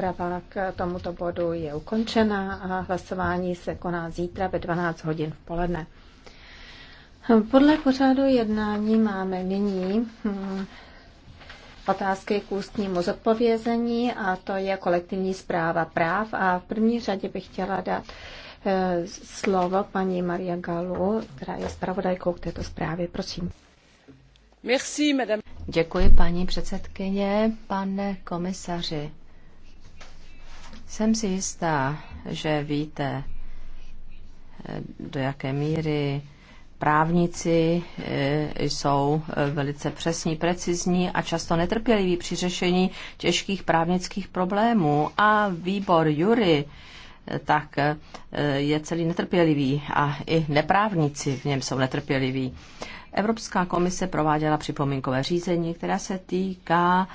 Rozprava k tomuto bodu je ukončena a hlasování se koná zítra ve 12 hodin v poledne. Podle pořádu jednání máme nyní hm, otázky k ústnímu zodpovězení a to je kolektivní zpráva práv a v první řadě bych chtěla dát eh, slovo paní Maria Galu, která je zpravodajkou k této zprávě. Prosím. Merci, Děkuji, paní předsedkyně, pane komisaři. Jsem si jistá, že víte, eh, do jaké míry právníci eh, jsou eh, velice přesní, precizní a často netrpěliví při řešení těžkých právnických problémů. A výbor jury tak je celý netrpělivý a i neprávníci v něm jsou netrpěliví. Evropská komise prováděla připomínkové řízení, která se týká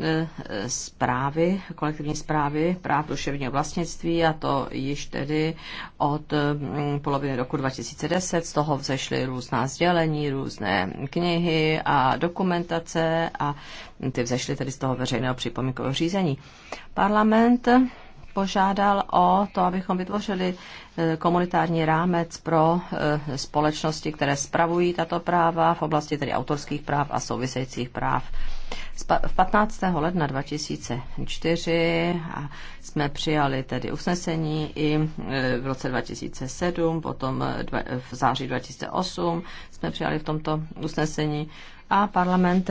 E, zprávy, kolektivní zprávy práv duševního vlastnictví a to již tedy od mm, poloviny roku 2010. Z toho vzešly různá sdělení, různé knihy a dokumentace a ty vzešly tedy z toho veřejného připomínkového řízení. Parlament požádal o to, abychom vytvořili e, komunitární rámec pro e, společnosti, které spravují tato práva v oblasti tedy autorských práv a souvisejících práv v 15. ledna 2004 jsme přijali tedy usnesení i e, v roce 2007, potom e, v září 2008 jsme přijali v tomto usnesení a parlament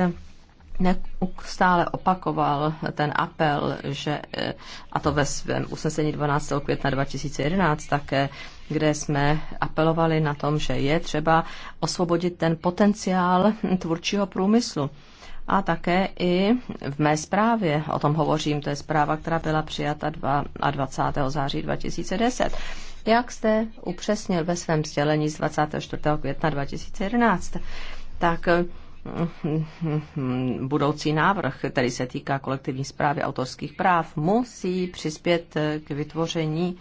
stále opakoval ten apel, že, e, a to ve svém usnesení 12. května 2011 také, kde jsme apelovali na tom, že je třeba osvobodit ten potenciál tvůrčího průmyslu. A také i v mé zprávě, o tom hovořím, to je zpráva, která byla přijata 20. září 2010. Jak jste upřesnil ve svém sdělení z 24. května 2011, tak hm, hm, budoucí návrh, který se týká kolektivní zprávy autorských práv, musí přispět k vytvoření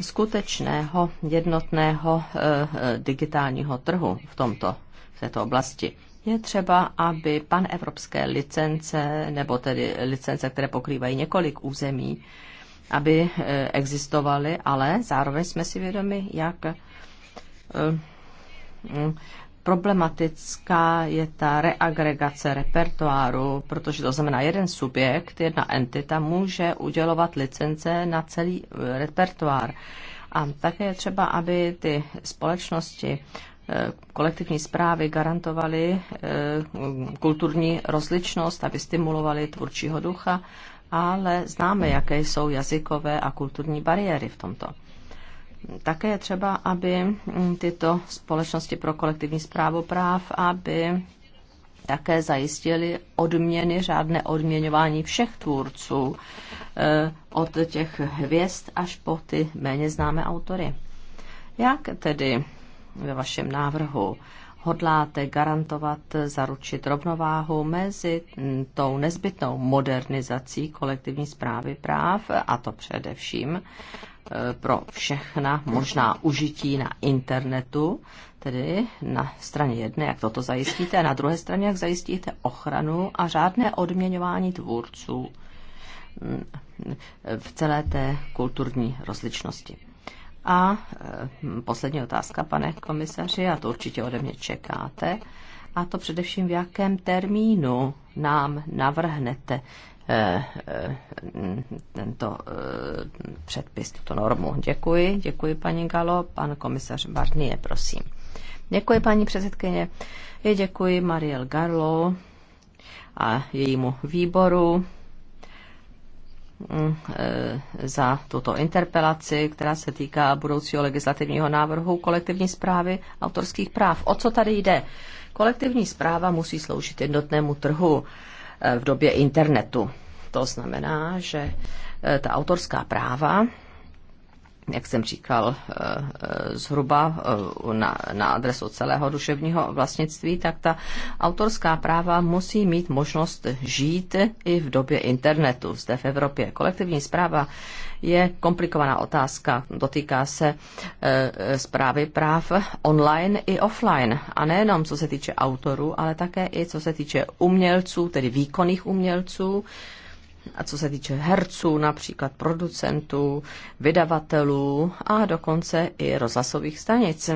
skutečného jednotného eh, eh, digitálního trhu v tomto v této oblasti je třeba, aby pan evropské licence, nebo tedy licence, které pokrývají několik území, aby eh, existovaly, ale zároveň jsme si vědomi, jak eh, mm, problematická je ta reagregace repertoáru, protože to znamená, jeden subjekt, jedna entita může udělovat licence na celý eh, repertoár. A také je třeba, aby ty společnosti kolektivní zprávy garantovaly eh, kulturní rozličnost, aby stimulovaly tvůrčího ducha, ale známe, jaké jsou jazykové a kulturní bariéry v tomto. Také je třeba, aby mm, tyto společnosti pro kolektivní zprávu práv, aby také zajistili odměny, řádné odměňování všech tvůrců, eh, od těch hvězd až po ty méně známé autory. Jak tedy ve vašem návrhu hodláte garantovat, zaručit rovnováhu mezi mm, tou nezbytnou modernizací kolektivní zprávy práv, a to především e, pro všechna možná užití na internetu, tedy na straně jedné, jak toto zajistíte, a na druhé straně, jak zajistíte ochranu a řádné odměňování tvůrců mm, v celé té kulturní rozličnosti. A e, poslední otázka, pane komisaři, a to určitě ode mě čekáte, a to především v jakém termínu nám navrhnete e, e, tento předpis, tuto normu. Děkuji, děkuji paní Galo. Pan komisař Barnie, prosím. Děkuji paní předsedkyně. děkuji Mariel Garlo a jejímu výboru Mm, e, za tuto interpelaci, která se týká budoucího legislativního návrhu kolektivní zprávy autorských práv. O co tady jde? Kolektivní zpráva musí sloužit jednotnému trhu e, v době internetu. To znamená, že e, ta autorská práva jak jsem říkal, eh, eh, zhruba eh, na, na adresu celého duševního vlastnictví, tak ta autorská práva musí mít možnost žít i v době internetu zde v Evropě. Kolektivní zpráva je komplikovaná otázka. Dotýká se zprávy práv online i offline. A nejenom co se týče autorů, ale také i co se týče umělců, tedy výkonných umělců, a co se týče herců, například producentů, vydavatelů a dokonce i rozhlasových stanic.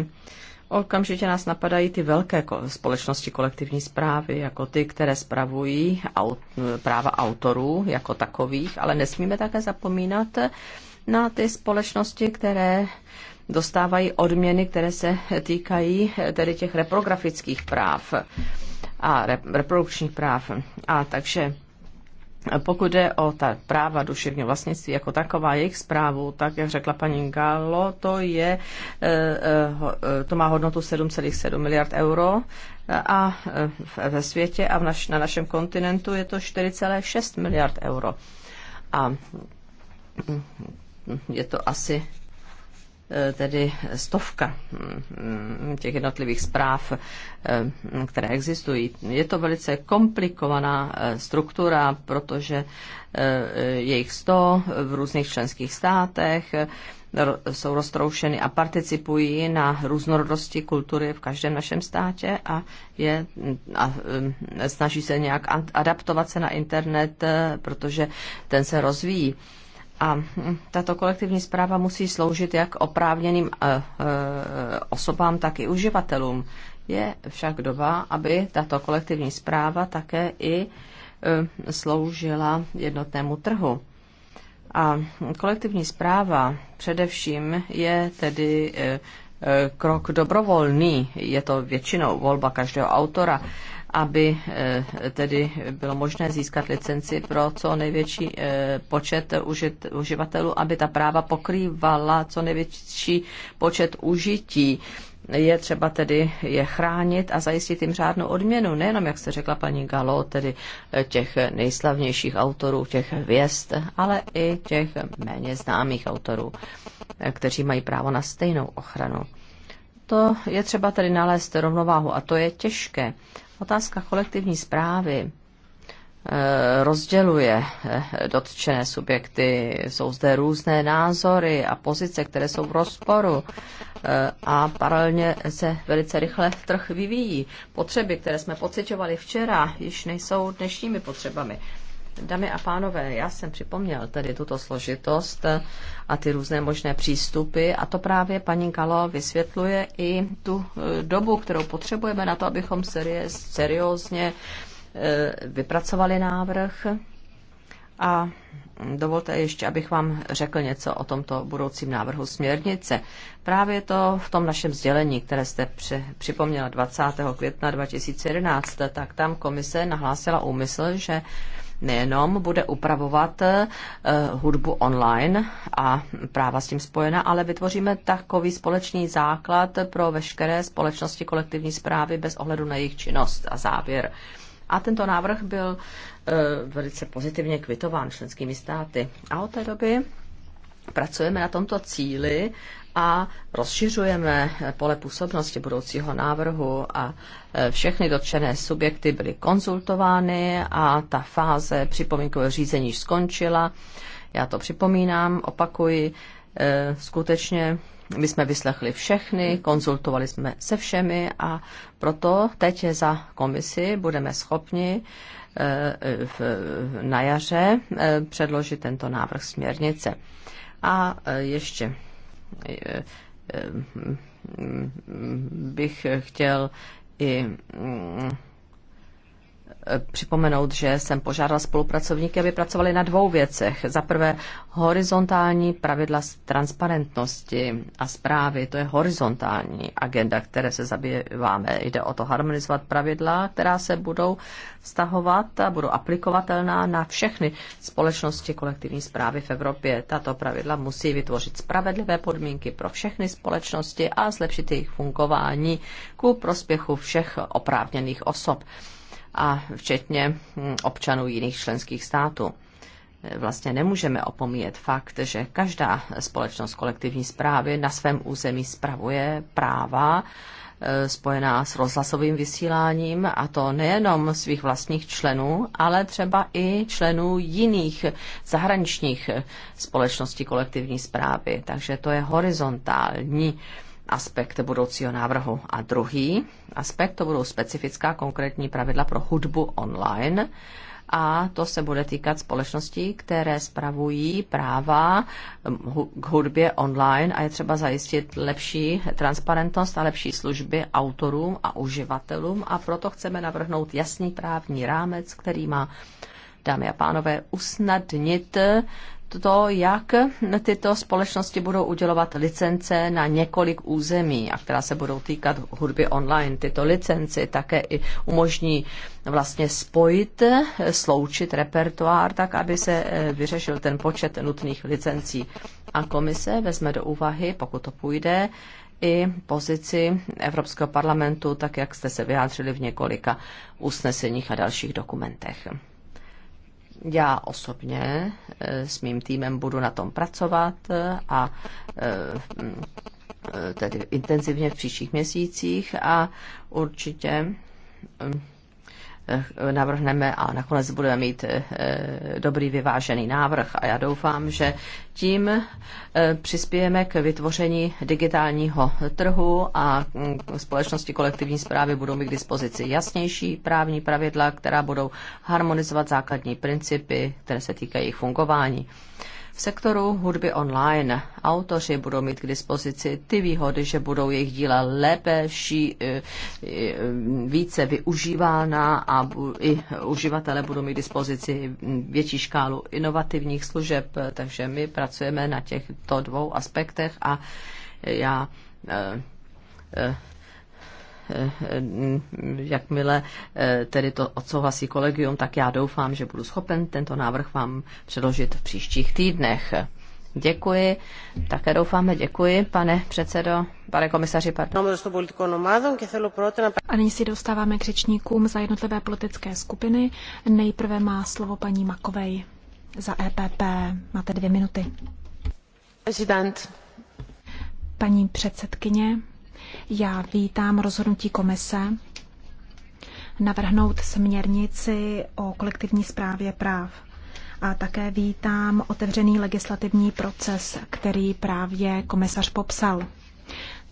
Okamžitě nás napadají ty velké společnosti kolektivní zprávy, jako ty, které spravují aut, práva autorů jako takových, ale nesmíme také zapomínat na ty společnosti, které dostávají odměny, které se týkají tedy těch reprografických práv a reprodukčních práv. A takže pokud jde o ta práva duševního vlastnictví jako taková, jejich zprávu, tak jak řekla paní Galo, to, je, eh, eh, eh, to má hodnotu 7,7 miliard euro a ve světě a naš, na našem kontinentu je to 4,6 miliard euro. A mm, je to asi Eh, tedy stovka mm, těch jednotlivých zpráv, eh, které existují. Je to velice komplikovaná eh, struktura, protože je jich sto v různých členských státech, jsou roztroušeny a participují na různorodosti kultury v každém našem státě a, je, a snaží se nějak adaptovat se na internet, protože ten se rozvíjí. A tato kolektivní zpráva musí sloužit jak oprávněným eh, eh, osobám, tak i uživatelům. Je však doba, aby tato kolektivní zpráva také i eh, sloužila jednotnému trhu. A kolektivní zpráva především je tedy krok dobrovolný, je to většinou volba každého autora aby eh, tedy bylo možné získat licenci pro co největší eh, počet uživatelů, aby ta práva pokrývala co největší počet užití je třeba tedy je chránit a zajistit jim řádnou odměnu, nejenom, jak jste řekla paní Galo, tedy eh, těch nejslavnějších autorů, těch hvězd, ale i těch méně známých autorů, kteří mají právo na stejnou ochranu. To je třeba tedy nalézt rovnováhu a to je těžké. Otázka kolektivní zprávy eh, rozděluje eh, dotčené subjekty. Jsou zde různé názory a pozice, které jsou v rozporu eh, a paralelně se velice rychle trh vyvíjí. Potřeby, které jsme pocitovali včera, již nejsou dnešními potřebami. Dámy a pánové, já jsem připomněl tady tuto složitost a ty různé možné přístupy a to právě paní Kalo vysvětluje i tu eh, dobu, kterou potřebujeme na to, abychom seriózně eh, vypracovali návrh a dovolte ještě, abych vám řekl něco o tomto budoucím návrhu směrnice. Právě to v tom našem sdělení, které jste připomněla 20. května 2011, tak tam komise nahlásila úmysl, že nejenom bude upravovat eh, hudbu online a práva s tím spojena, ale vytvoříme takový společný základ pro veškeré společnosti kolektivní zprávy bez ohledu na jejich činnost a závěr. A tento návrh byl eh, velice pozitivně kvitován členskými státy. A od té doby pracujeme na tomto cíli a rozšiřujeme pole působnosti budoucího návrhu a e, všechny dotčené subjekty byly konzultovány a ta fáze připomínkového řízení již skončila. Já to připomínám, opakuji, e, skutečně my jsme vyslechli všechny, konzultovali jsme se všemi a proto teď za komisi budeme schopni e, na jaře předložit tento návrh směrnice. A e, ještě e, e, bych chtěl i připomenout, že jsem požádal spolupracovníky, aby pracovali na dvou věcech. Za prvé horizontální pravidla transparentnosti a zprávy, to je horizontální agenda, které se zabýváme. Jde o to harmonizovat pravidla, která se budou vztahovat a budou aplikovatelná na všechny společnosti kolektivní zprávy v Evropě. Tato pravidla musí vytvořit spravedlivé podmínky pro všechny společnosti a zlepšit jejich fungování ku prospěchu všech oprávněných osob a včetně hm, občanů jiných členských států. E, vlastně nemůžeme opomíjet fakt, že každá společnost kolektivní zprávy na svém území spravuje práva e, spojená s rozhlasovým vysíláním, a to nejenom svých vlastních členů, ale třeba i členů jiných zahraničních společností kolektivní zprávy. Takže to je horizontální aspekt budoucího návrhu. A druhý aspekt to budou specifická konkrétní pravidla pro hudbu online a to se bude týkat společností, které spravují práva hm, k hudbě online a je třeba zajistit lepší transparentnost a lepší služby autorům a uživatelům a proto chceme navrhnout jasný právní rámec, který má dámy a pánové, usnadnit to, jak tyto společnosti budou udělovat licence na několik území, a která se budou týkat hudby online. Tyto licenci také i umožní vlastně spojit, sloučit repertoár, tak aby se eh, vyřešil ten počet nutných licencí. A komise vezme do úvahy, pokud to půjde, i pozici Evropského parlamentu, tak jak jste se vyjádřili v několika usneseních a dalších dokumentech. Já osobně eh, s mým týmem budu na tom pracovat eh, a eh, tedy intenzivně v příštích měsících a určitě Eh, navrhneme a nakonec budeme mít eh, dobrý vyvážený návrh a já doufám, že tím eh, přispějeme k vytvoření digitálního trhu a mm, společnosti kolektivní zprávy budou mít k dispozici jasnější právní pravidla, která budou harmonizovat základní principy, které se týkají jejich fungování sektoru hudby online autoři budou mít k dispozici ty výhody, že budou jejich díla lépe, ší, eh, eh, více využívána a i uživatelé budou mít k dispozici hm, větší škálu inovativních služeb, takže my pracujeme na těchto dvou aspektech a já eh, Eh, eh, jakmile eh, tedy to odsouhlasí kolegium, tak já doufám, že budu schopen tento návrh vám předložit v příštích týdnech. Děkuji. Také doufáme, děkuji, pane předsedo, pane komisaři. Pardon. A nyní si dostáváme k řečníkům za jednotlivé politické skupiny. Nejprve má slovo paní Makovej za EPP. Máte dvě minuty. Paní předsedkyně, já vítám rozhodnutí komise navrhnout směrnici o kolektivní správě práv. A také vítám otevřený legislativní proces, který právě komisař popsal.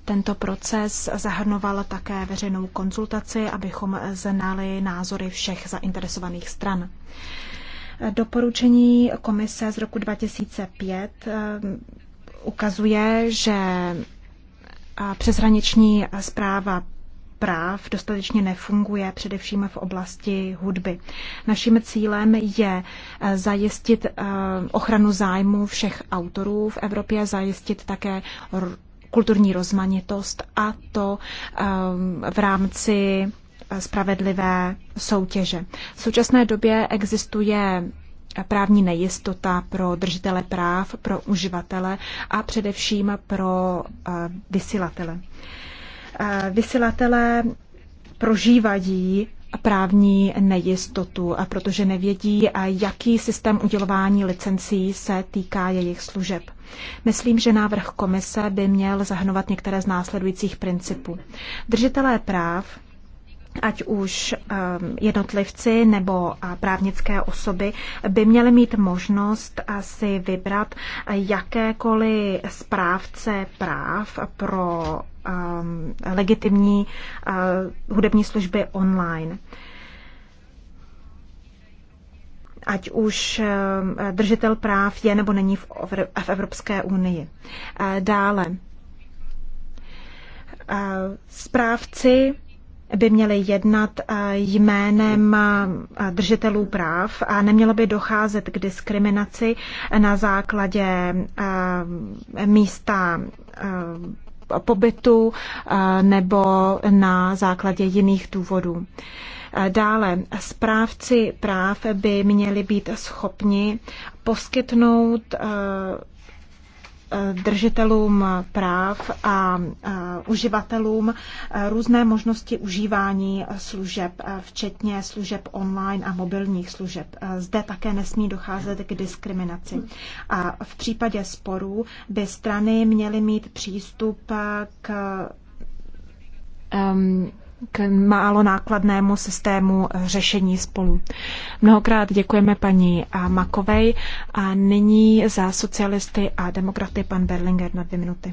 Tento proces zahrnoval také veřejnou konzultaci, abychom znali názory všech zainteresovaných stran. Doporučení komise z roku 2005 eh, ukazuje, že přeshraniční zpráva práv dostatečně nefunguje, především v oblasti hudby. Naším cílem je eh, zajistit eh, ochranu zájmu všech autorů v Evropě, zajistit také kulturní rozmanitost a to eh, v rámci spravedlivé soutěže. V současné době existuje právní nejistota pro držitele práv, pro uživatele a především pro eh, vysílatele. Eh, Vysílatelé prožívají právní nejistotu, a protože nevědí, jaký systém udělování licencí se týká jejich služeb. Myslím, že návrh komise by měl zahrnovat některé z následujících principů. Držitelé práv ať už ehm, jednotlivci nebo eh, právnické osoby, by měly mít možnost eh, si vybrat eh, jakékoliv správce práv pro ehm, legitimní hudební služby online ať už ehm, držitel práv je nebo není v Evropské unii. Dále, správci by měly jednat eh, jménem eh, držitelů práv a nemělo by docházet k diskriminaci na základě eh, místa pobytu nebo na základě jiných důvodů. Dále, správci práv by měli být schopni poskytnout Eh, držitelům práv a eh, uživatelům eh, různé možnosti užívání služeb, včetně služeb online a mobilních služeb. Zde také nesmí docházet k diskriminaci. A v případě sporů by strany měly mít přístup k um, k málo nákladnému systému řešení spolu. Mnohokrát děkujeme paní Makovej a nyní za socialisty a demokraty pan Berlinger na dvě minuty.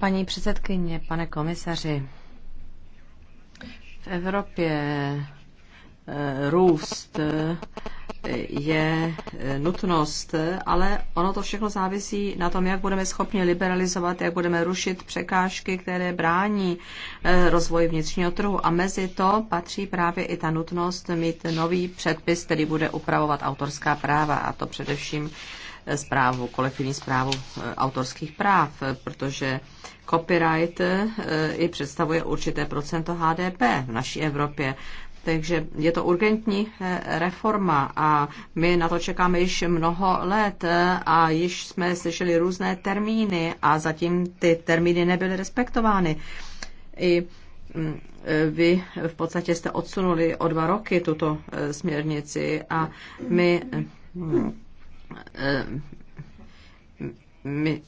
Paní předsedkyně, pane komisaři, v Evropě Eh, růst eh, je eh, nutnost, ale ono to všechno závisí na tom, jak budeme schopni liberalizovat, jak budeme rušit překážky, které brání rozvoji vnitřního trhu. A mezi to patří právě i ta nutnost mít nový předpis, který bude upravovat autorská práva, a to především zprávu, kolektivní zprávu autorských práv, protože copyright i představuje určité procento HDP v naší Evropě. Takže je to urgentní eh, reforma a my na to čekáme již mnoho let eh, a již jsme slyšeli různé termíny a zatím ty termíny nebyly respektovány. I mm, eh, vy v podstatě jste odsunuli o dva roky tuto směrnici a my mm, my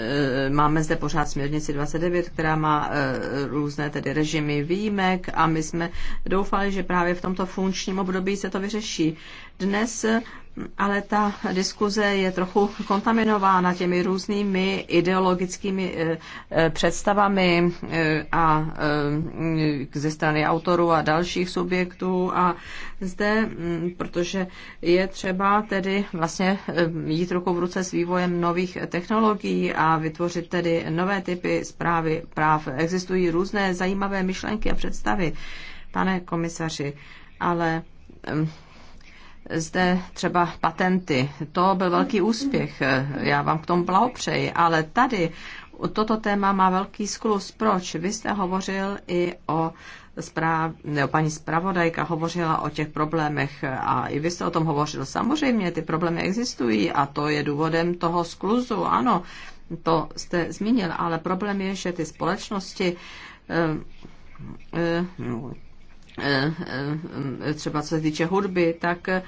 Eh, máme zde pořád směrnici 29, která má eh, různé tedy režimy výjimek a my jsme doufali, že právě v tomto funkčním období se to vyřeší. Dnes ale ta diskuze je trochu kontaminována těmi různými ideologickými eh, eh, představami eh, a ze strany autorů a dalších subjektů a zde, mm, protože je třeba tedy vlastně jít ruku v ruce s vývojem nových technologií a vytvořit tedy nové typy zprávy práv. Existují různé zajímavé myšlenky a představy, pane komisaři, ale zde třeba patenty. To byl velký úspěch, já vám k tomu blahopřeji, ale tady toto téma má velký sklus. Proč? Vy jste hovořil i o zpráv, ne, paní zpravodajka hovořila o těch problémech a i vy jste o tom hovořil. Samozřejmě ty problémy existují a to je důvodem toho skluzu, ano, to jste zmínil, ale problém je, že ty společnosti eh, eh, Eh, eh, třeba co se týče hudby, tak eh,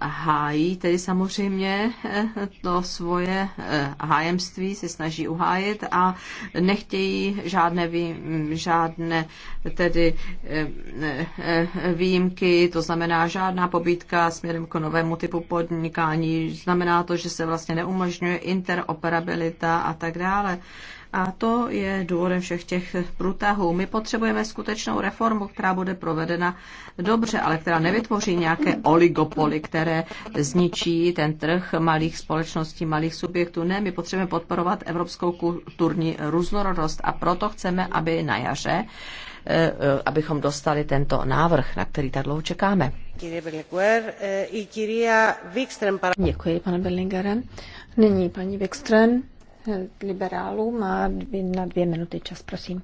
hájí tedy samozřejmě to svoje hájemství, se snaží uhájit a nechtějí žádné, vý, žádné tedy výjimky, to znamená žádná pobítka směrem k novému typu podnikání, znamená to, že se vlastně neumožňuje interoperabilita a tak dále. A to je důvodem všech těch průtahů. My potřebujeme skutečnou reformu, která bude provedena dobře, ale která nevytvoří nějaké oligopoly, které zničí ten trh malých společností, malých subjektů. Ne, my potřebujeme podporovat evropskou kulturní různorodost a proto chceme, aby na jaře eh, eh, abychom dostali tento návrh, na který tak dlouho čekáme. Děkuji, pane Berlingeren. Nyní paní Wikström Eh, liberálů má dvě, na dvě minuty čas, prosím.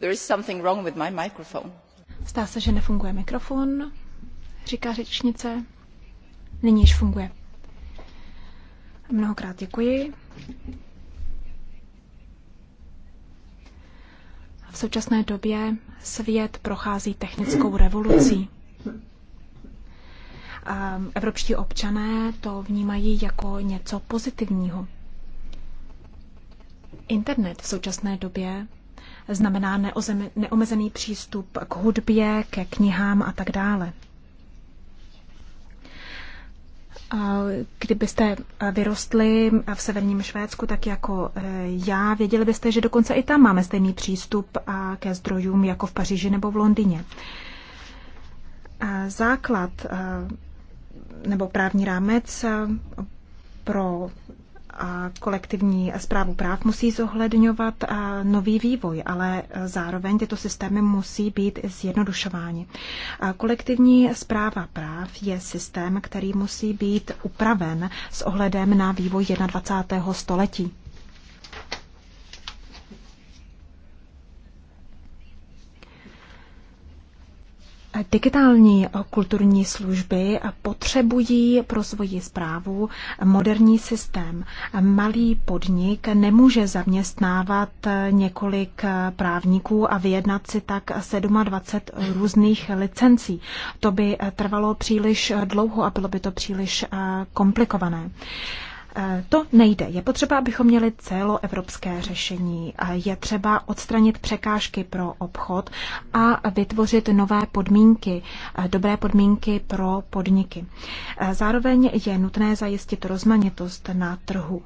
There is something wrong with my microphone. Stá se, že nefunguje mikrofon, říká řečnice. Nyní již funguje. Mnohokrát děkuji. V současné době svět prochází technickou revolucí. Ehm, evropští občané to vnímají jako něco pozitivního. Internet v současné době znamená neomezený přístup k hudbě, ke knihám a tak dále. Kdybyste vyrostli v severním Švédsku, tak jako eh, já, věděli byste, že dokonce i tam máme stejný přístup ke zdrojům jako v Paříži nebo v Londýně. Základ eh, nebo právní rámec eh, pro kolektivní zprávu práv musí zohledňovat eh, nový vývoj, ale eh, zároveň tyto systémy musí být zjednodušovány. Kolektivní zpráva práv je systém, který musí být upraven s ohledem na vývoj 21. století. Digitální kulturní služby potřebují pro svoji zprávu moderní systém. Malý podnik nemůže zaměstnávat několik právníků a vyjednat si tak 27 různých licencí. To by trvalo příliš dlouho a bylo by to příliš eh, komplikované. Eh, to nejde. Je potřeba, abychom měli celoevropské řešení. Eh, je třeba odstranit překážky pro obchod a vytvořit nové podmínky, eh, dobré podmínky pro podniky. Zároveň je nutné zajistit rozmanitost na trhu.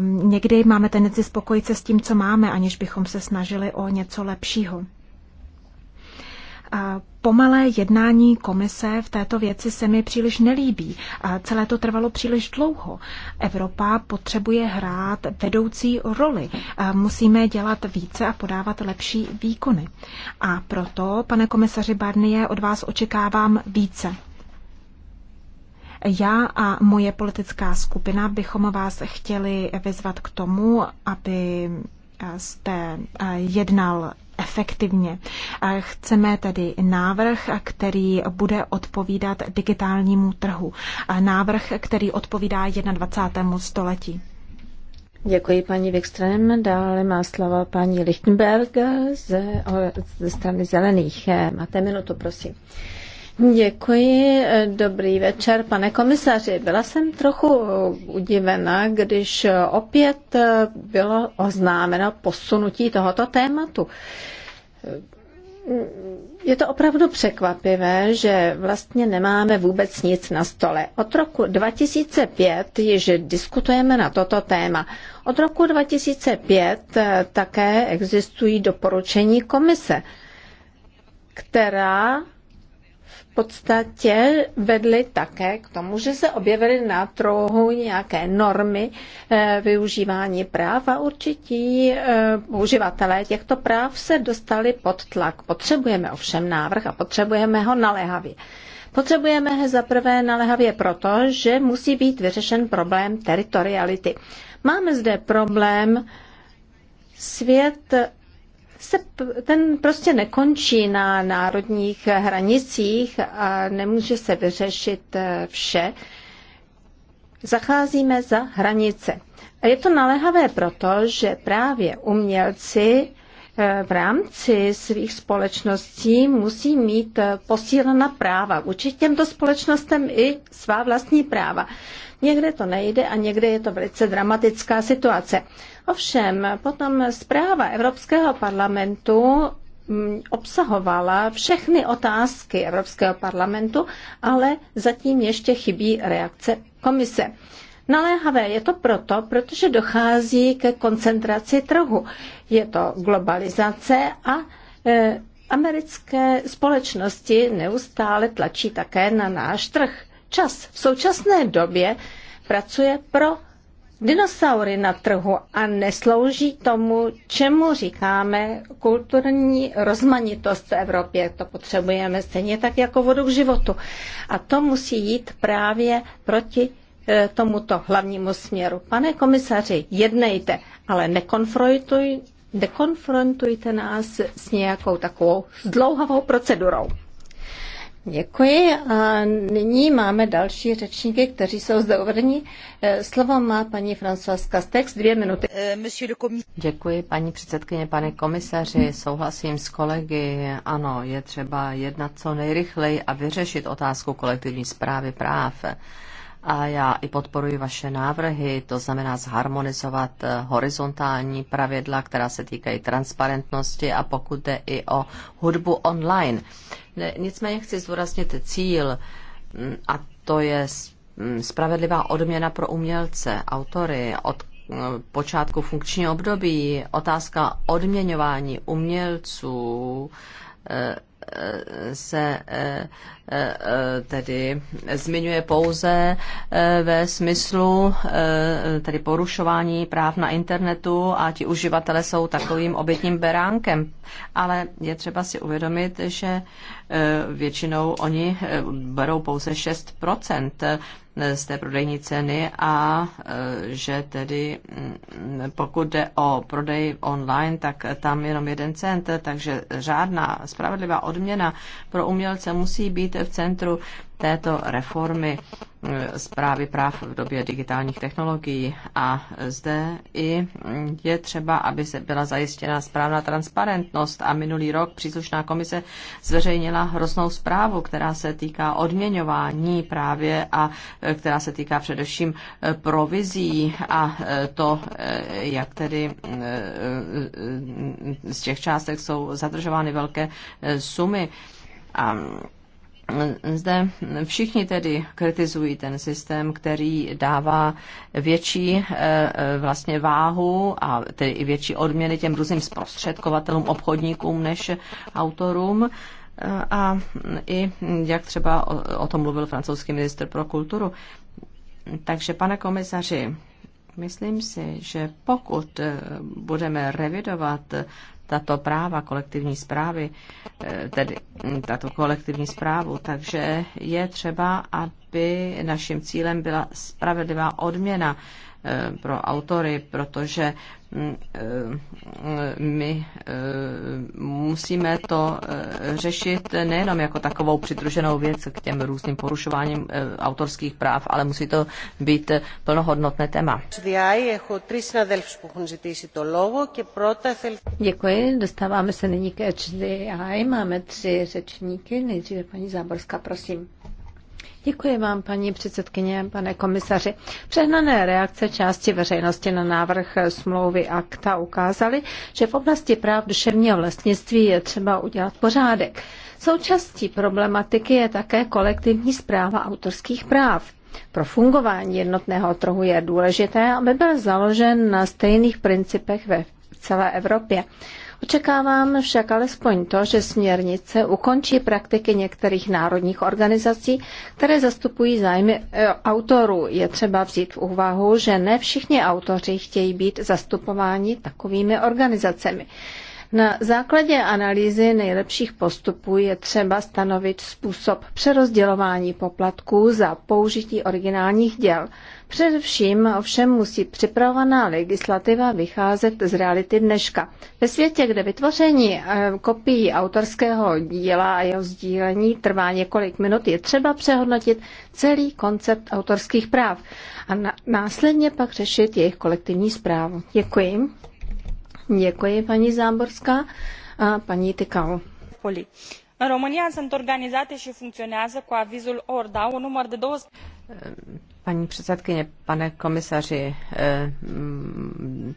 Někdy máme tendenci spokojit se s tím, co máme, aniž bychom se snažili o něco lepšího. Pomalé jednání komise v této věci se mi příliš nelíbí. Celé to trvalo příliš dlouho. Evropa potřebuje hrát vedoucí roli. Musíme dělat více a podávat lepší výkony. A proto, pane komisaři Barnie, od vás očekávám více. Já a moje politická skupina bychom vás chtěli vyzvat k tomu, aby jste jednal efektivně. Chceme tedy návrh, který bude odpovídat digitálnímu trhu. Návrh, který odpovídá 21. století. Děkuji paní Wikström. Dále má slovo paní Lichtenberg ze, ze strany Zelených. Máte minutu, prosím. Děkuji, dobrý večer, pane komisaři. Byla jsem trochu udivena, když opět bylo oznámeno posunutí tohoto tématu. Je to opravdu překvapivé, že vlastně nemáme vůbec nic na stole. Od roku 2005 již diskutujeme na toto téma. Od roku 2005 také existují doporučení komise, která podstatě vedly také k tomu, že se objevily na trohu nějaké normy eh, využívání práv a určití eh, uživatelé těchto práv se dostali pod tlak. Potřebujeme ovšem návrh a potřebujeme ho naléhavě. Potřebujeme ho zaprvé naléhavě proto, že musí být vyřešen problém teritoriality. Máme zde problém Svět se, ten prostě nekončí na národních hranicích a nemůže se vyřešit eh, vše. Zacházíme za hranice. A je to naléhavé proto, že právě umělci v rámci svých společností musí mít posílena práva. Učit těmto společnostem i svá vlastní práva. Někde to nejde a někde je to velice dramatická situace. Ovšem, potom zpráva Evropského parlamentu mm, obsahovala všechny otázky Evropského parlamentu, ale zatím ještě chybí reakce komise. Naléhavé je to proto, protože dochází ke koncentraci trhu. Je to globalizace a e, americké společnosti neustále tlačí také na náš trh. Čas v současné době pracuje pro dinosaury na trhu a neslouží tomu, čemu říkáme kulturní rozmanitost v Evropě. To potřebujeme stejně tak jako vodu k životu. A to musí jít právě proti E, tomuto hlavnímu směru. Pane komisaři, jednejte, ale nekonfrontuj, nekonfrontujte nás s nějakou takovou zdlouhavou procedurou. Děkuji a nyní máme další řečníky, kteří jsou zde uvedeni. E, slovo má paní Françoise Castex, dvě minuty. E, Děkuji paní předsedkyně, pane komisaři, souhlasím s kolegy. Ano, je třeba jednat co nejrychleji a vyřešit otázku kolektivní zprávy práv a já i podporuji vaše návrhy, to znamená zharmonizovat eh, horizontální pravidla, která se týkají transparentnosti a pokud jde i o hudbu online. Nicméně chci zdůraznit cíl mm, a to je mm, spravedlivá odměna pro umělce, autory, od eh, počátku funkčního období, otázka odměňování umělců, se eh, eh, tedy zmiňuje pouze eh, ve smyslu tedy porušování práv na internetu a ti uživatelé jsou takovým obětním beránkem. Ale je třeba si uvědomit, že většinou oni berou pouze 6% z té prodejní ceny a e, že tedy mm, pokud jde o prodej online, tak tam jenom jeden cent, takže řádná spravedlivá odměna pro umělce musí být v centru této reformy eh, zprávy práv v době digitálních technologií. A zde i je třeba, aby se byla zajištěna správná transparentnost a minulý rok příslušná komise zveřejnila hroznou zprávu, která se týká odměňování právě a eh, která se týká především eh, provizí a to, jak tedy z těch částek jsou zadržovány velké sumy. A zde všichni tedy kritizují ten systém, který dává větší eh, eh, vlastně váhu a tedy i větší odměny těm různým zprostředkovatelům, obchodníkům než autorům. Eh, a i jak třeba o, tom mluvil francouzský minister pro kulturu. Takže, pane komisaři, myslím si, že pokud budeme revidovat tato práva kolektivní zprávy, eh, tedy hm, tato kolektivní zprávu. Takže je třeba, aby naším cílem byla spravedlivá odměna Eh, pro autory, protože mm, eh, mm, my eh, musíme to řešit nejenom jako takovou přidruženou věc k těm různým porušováním autorských práv, ale musí to být plnohodnotné téma. Děkuji, dostáváme se nyní ke HDI. Máme tři řečníky, nejdříve paní Záborská, prosím. Děkuji vám, paní předsedkyně, pane komisaři. Přehnané reakce části veřejnosti na návrh smlouvy akta ukázaly, že v oblasti práv duševního vlastnictví je třeba udělat pořádek. Součástí problematiky je také kolektivní zpráva autorských práv. Pro fungování jednotného trhu je důležité, aby byl založen na stejných principech ve celé Evropě. Očekávám však alespoň to, že směrnice ukončí praktiky některých národních organizací, které zastupují zájmy e, autorů. Je třeba vzít v úvahu, že ne všichni autoři chtějí být zastupováni takovými organizacemi. Na základě analýzy nejlepších postupů je třeba stanovit způsob přerozdělování poplatků za použití originálních děl. Především ovšem musí připravovaná legislativa vycházet z reality dneška. Ve světě, kde vytvoření eh, kopií autorského díla a jeho sdílení trvá několik minut, je třeba přehodnotit celý koncept autorských práv a následně pak řešit jejich kolektivní zprávu. Děkuji. Děkuji, paní Záborská a paní Tykal. Poli. România sunt organizate și funcționează cu avizul ORDA un număr de 12... Ehm, Paní předsedkyně, pane komisaři, eh, mm,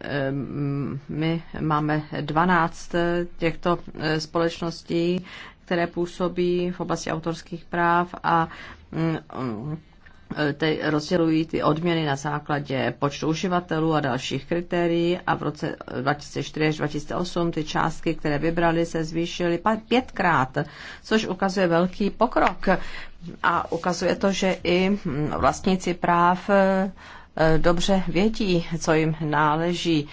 eh, mm, my máme 12 eh, těchto společností, které působí v oblasti autorských práv a mm, Eh, te rozdělují ty odměny na základě počtu uživatelů a dalších kritérií a v roce 2004 eh, až 2008 ty částky, které vybrali, se zvýšily pětkrát, což ukazuje velký pokrok a ukazuje to, že i hm, vlastníci práv eh, dobře vědí, co jim náleží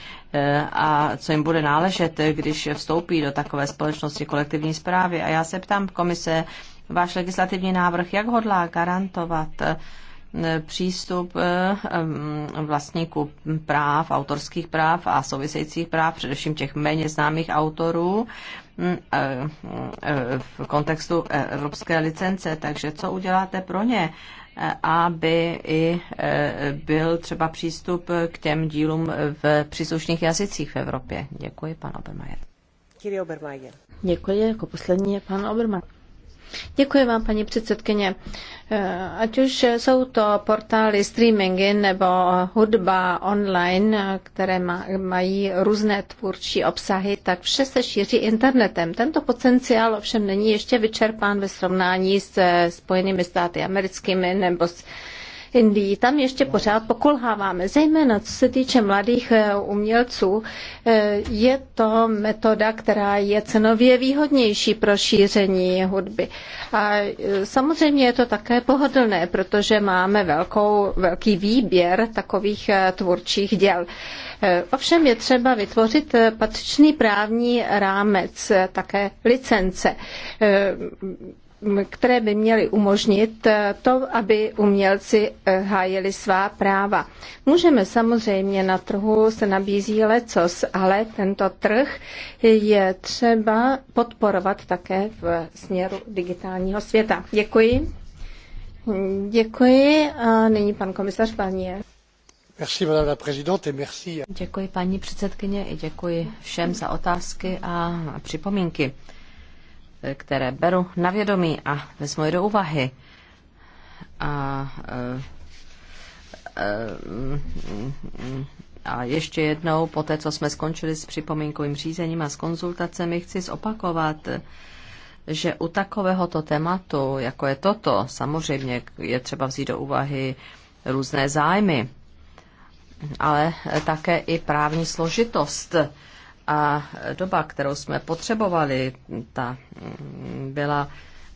a co jim bude náležet, když vstoupí do takové společnosti kolektivní zprávy. A já se ptám komise, váš legislativní návrh, jak hodlá garantovat přístup eh, vlastníků práv, autorských práv a souvisejících práv, především těch méně známých autorů mm, eh, eh, v kontextu evropské licence. Takže co uděláte pro ně? aby i byl třeba přístup k těm dílům v příslušných jazycích v Evropě. Děkuji, pan Obermajer. Děkuji, jako poslední je pan Obermajer. Děkuji vám, paní předsedkyně. Eh, ať už jsou to portály streamingy nebo hudba online, které mají různé tvůrčí obsahy, tak vše se šíří internetem. Tento potenciál ovšem není ještě vyčerpán ve srovnání s Spojenými státy americkými nebo s Indii. Tam ještě pořád pokulháváme, zejména co se týče mladých eh, umělců. Eh, je to metoda, která je cenově výhodnější pro šíření hudby. A eh, samozřejmě je to také pohodlné, protože máme velkou, velký výběr takových tvůrčích děl. Ovšem je třeba vytvořit patřičný právní rámec, také licence které by měly umožnit eh, to, aby umělci eh, hájili svá práva. Můžeme samozřejmě na trhu se nabízí lecos, ale tento trh je třeba podporovat také v směru digitálního světa. Děkuji. Děkuji. A nyní pan komisař Barnier. Děkuji paní předsedkyně i děkuji všem za otázky a připomínky které beru na vědomí a vezmu je do úvahy. A, eh, eh, a ještě jednou, po té, co jsme skončili s připomínkovým řízením a s konzultacemi, chci zopakovat, že u takovéhoto tématu, jako je toto, samozřejmě je třeba vzít do úvahy různé zájmy, ale také i právní složitost a doba, kterou jsme potřebovali, ta mm, byla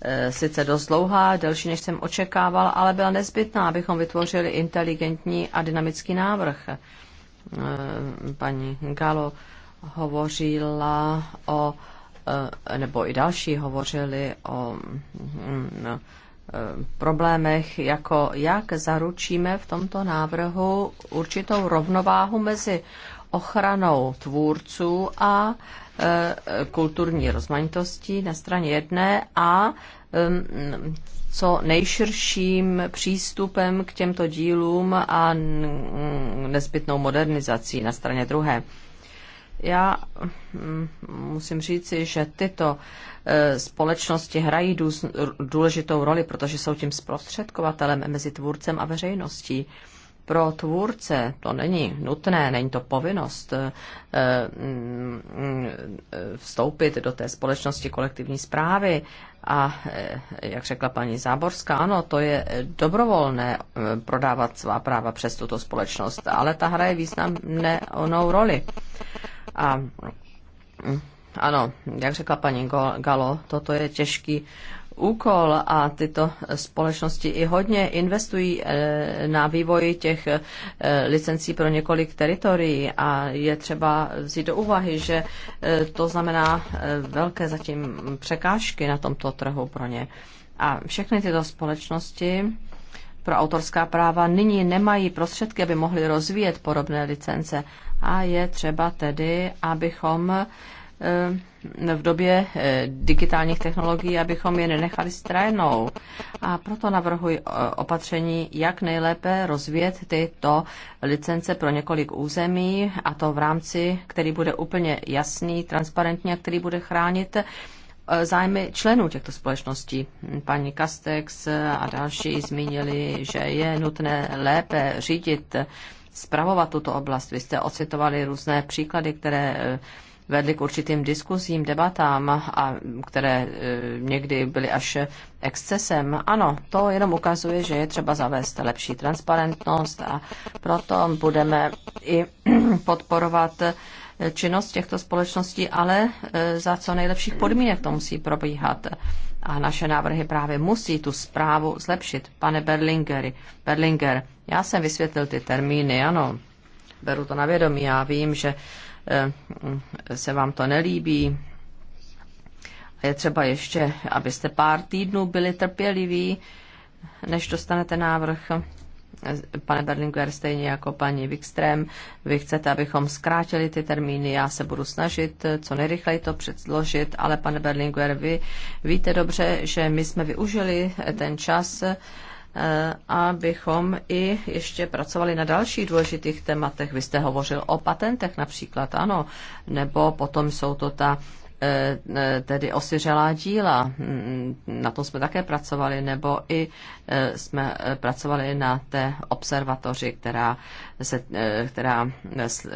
e, sice dost dlouhá, delší než jsem očekával, ale byla nezbytná, abychom vytvořili inteligentní a dynamický návrh. E, paní Galo hovořila o, e, nebo i další hovořili o mm, problémech, jako jak zaručíme v tomto návrhu určitou rovnováhu mezi ochranou tvůrců a e, kulturní rozmanitosti na straně jedné a e, co nejširším přístupem k těmto dílům a nezbytnou modernizací na straně druhé. Já mm, musím říci, že tyto e, společnosti hrají důležitou roli, protože jsou tím zprostředkovatelem mezi tvůrcem a veřejností pro tvůrce, to není nutné, není to povinnost eh, mm, vstoupit do té společnosti kolektivní zprávy. A eh, jak řekla paní Záborská, ano, to je dobrovolné eh, prodávat svá práva přes tuto společnost, ale ta hraje významné onou roli. A mm, ano, jak řekla paní Galo, toto je těžký úkol a tyto společnosti i hodně investují eh, na vývoji těch eh, licencí pro několik teritorií a je třeba vzít do úvahy, že eh, to znamená velké zatím překážky na tomto trhu pro ně. A všechny tyto společnosti pro autorská práva nyní nemají prostředky, aby mohly rozvíjet podobné licence. A je třeba tedy, abychom Eh, v době eh, digitálních technologií, abychom je nenechali stranou. A proto navrhuji eh, opatření, jak nejlépe rozvíjet tyto licence pro několik území, a to v rámci, který bude úplně jasný, transparentní a který bude chránit zájmy členů těchto společností. Paní Kastex a další zmínili, že je nutné lépe řídit, spravovat tuto oblast. Vy jste ocitovali různé příklady, které vedly k určitým diskuzím, debatám, a které e, někdy byly až excesem. Ano, to jenom ukazuje, že je třeba zavést lepší transparentnost a proto budeme i podporovat e, činnost těchto společností, ale e, za co nejlepších podmínek to musí probíhat. A naše návrhy právě musí tu zprávu zlepšit. Pane Berlingeri, Berlinger, já jsem vysvětlil ty termíny, ano, beru to na vědomí, já vím, že Eh, se vám to nelíbí. A je třeba ještě, abyste pár týdnů byli trpěliví, než dostanete návrh. Pane Berlinguer, stejně jako paní Wikström, vy chcete, abychom zkrátili ty termíny, já se budu snažit co nejrychleji to předložit, ale pane Berlinguer, vy víte dobře, že my jsme využili ten čas, Eh, abychom i ještě pracovali na dalších důležitých tématech. Vy jste hovořil o patentech například, ano, nebo potom jsou to ta eh, eh, tedy osiřelá díla, mm, na tom jsme také pracovali, nebo i jsme pracovali na té observatoři, která, se, která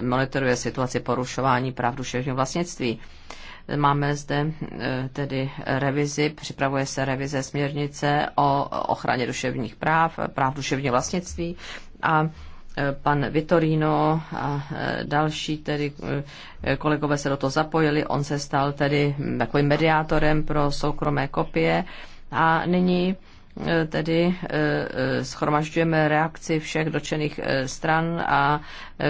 monitoruje situaci porušování práv duševního vlastnictví. Máme zde eh, tedy revizi, připravuje se revize směrnice o ochraně duševních práv, práv duševního vlastnictví a eh, pan Vitorino a eh, další tedy kolegové se do toho zapojili. On se stal tedy mm, takovým mediátorem pro soukromé kopie a nyní tedy eh, eh, schromažďujeme reakci všech dočených eh, stran, a,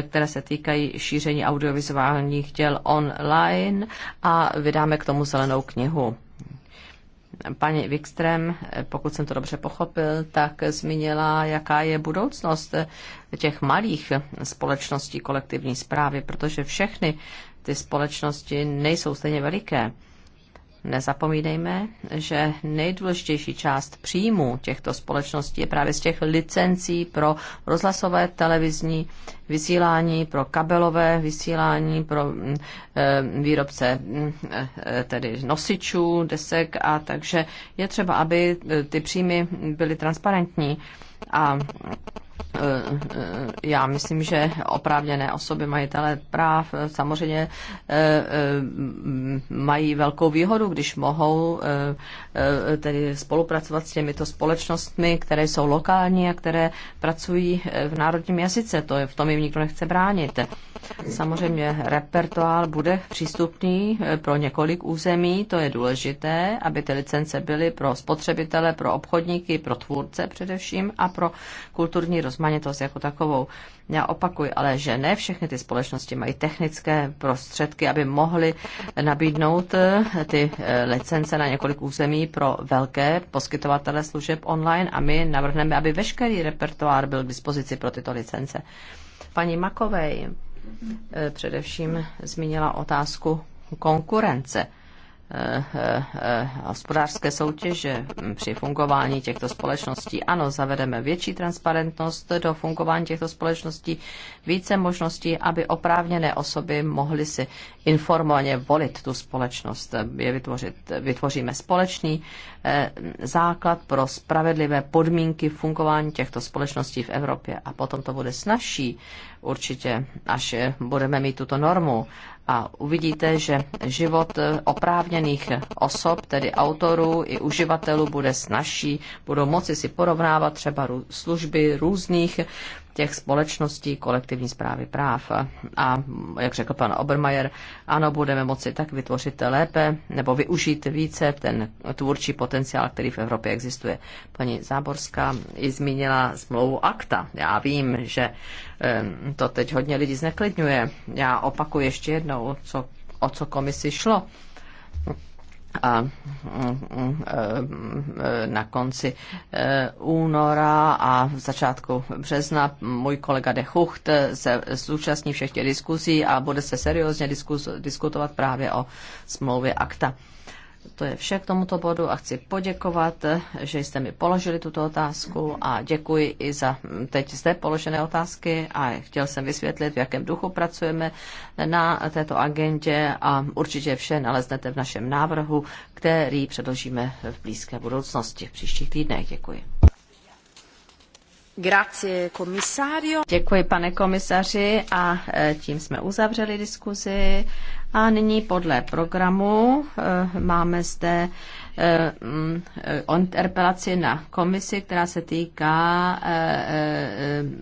které se týkají šíření audiovizuálních děl online a vydáme k tomu zelenou knihu. Paní Wikström, pokud jsem to dobře pochopil, tak zmínila, jaká je budoucnost těch malých společností kolektivní zprávy, protože všechny ty společnosti nejsou stejně veliké. Nezapomínejme, že nejdůležitější část příjmu těchto společností je právě z těch licencí pro rozhlasové televizní vysílání, pro kabelové vysílání, pro e, výrobce e, tedy nosičů, desek a takže je třeba, aby ty příjmy byly transparentní a Eh, eh, já myslím, že oprávněné osoby, majitele práv, eh, samozřejmě mají velkou výhodu, když mohou Eh, tedy spolupracovat s těmito společnostmi, které jsou lokální a které pracují eh, v národním jazyce. To je, v tom jim nikdo nechce bránit. Samozřejmě repertoár bude přístupný eh, pro několik území, to je důležité, aby ty licence byly pro spotřebitele, pro obchodníky, pro tvůrce především a pro kulturní rozmanitost jako takovou. Já opakuji, ale že ne všechny ty společnosti mají technické prostředky, aby mohly nabídnout ty licence na několik území mají pro velké poskytovatele služeb online a my navrhneme, aby veškerý repertoár byl k dispozici pro tyto licence. Paní Makovej eh, především zmínila otázku konkurence Eh, eh, hospodářské soutěže při fungování těchto společností. Ano, zavedeme větší transparentnost do fungování těchto společností, více možností, aby oprávněné osoby mohly si informovaně volit tu společnost. Je vytvořit, vytvoříme společný eh, základ pro spravedlivé podmínky fungování těchto společností v Evropě a potom to bude snažší určitě, až budeme mít tuto normu a uvidíte, že život oprávněných osob, tedy autorů i uživatelů, bude snažší. Budou moci si porovnávat třeba služby různých těch společností kolektivní zprávy práv. A jak řekl pan Obermajer, ano, budeme moci tak vytvořit lépe nebo využít více ten tvůrčí potenciál, který v Evropě existuje. Paní Záborská i zmínila smlouvu akta. Já vím, že to teď hodně lidí zneklidňuje. Já opakuji ještě jednou, co, o co komisi šlo a mm, mm, mm, e, na konci e, února a v začátku března můj kolega De Hucht se zúčastní všech těch diskuzí a bude se seriózně diskutovat právě o smlouvě akta. To je vše k tomuto bodu a chci poděkovat, že jste mi položili tuto otázku a děkuji i za hm, teď zde položené otázky a chtěl jsem vysvětlit, v jakém duchu pracujeme na této agendě a určitě vše naleznete v našem návrhu, který předložíme v blízké budoucnosti, v příštích týdnech. Děkuji. Děkuji, pane komisaři, a e, tím jsme uzavřeli diskuzi. A nyní podle programu e, máme zde e, interpelaci na komisi, která se týká